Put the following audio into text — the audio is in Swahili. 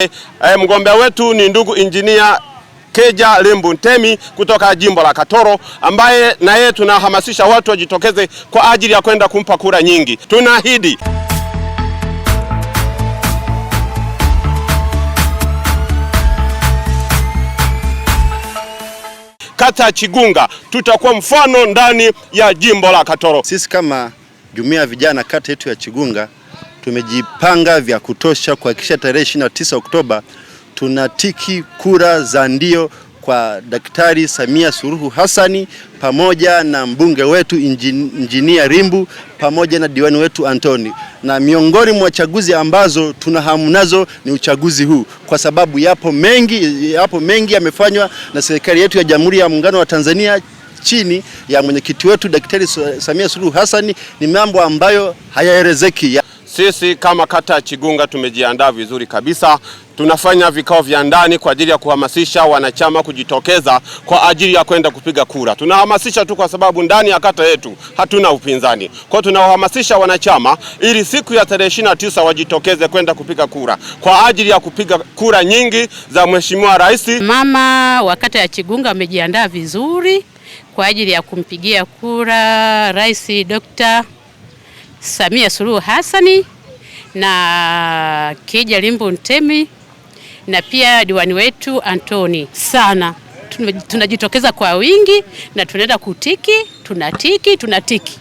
E, mgombea wetu ni ndugu injinia Keja Lembu Ntemi kutoka jimbo la Katoro ambaye na yeye tunahamasisha watu wajitokeze kwa ajili ya kwenda kumpa kura nyingi. Tunaahidi kata ya Chigunga tutakuwa mfano ndani ya jimbo la Katoro. Sisi kama jumuiya ya vijana kata yetu ya Chigunga tumejipanga vya kutosha kuhakikisha tarehe 29 Oktoba tunatiki kura za ndio kwa Daktari Samia Suluhu Hassani pamoja na mbunge wetu Injinia Rimbu pamoja na diwani wetu Antoni, na miongoni mwa chaguzi ambazo tuna hamu nazo ni uchaguzi huu, kwa sababu yapo mengi, yapo mengi yamefanywa na serikali yetu ya Jamhuri ya Muungano wa Tanzania chini ya mwenyekiti wetu Daktari Samia Suluhu Hassani. Ni mambo ambayo hayaelezeki. Sisi kama kata ya Chigunga tumejiandaa vizuri kabisa. Tunafanya vikao vya ndani kwa ajili ya kuhamasisha wanachama kujitokeza kwa ajili ya kwenda kupiga kura. Tunahamasisha tu kwa sababu ndani ya kata yetu hatuna upinzani, kwa tunawahamasisha wanachama ili siku ya tarehe ishirini na tisa wajitokeze kwenda kupiga kura kwa ajili ya kupiga kura nyingi za Mheshimiwa Rais. Mama wa kata ya Chigunga amejiandaa vizuri kwa ajili ya kumpigia kura Rais Dr. Samia Suluhu Hassani na Kija Limbu Ntemi na pia diwani wetu Antoni sana. Tunajitokeza kwa wingi na tunaenda kutiki, tunatiki, tunatiki.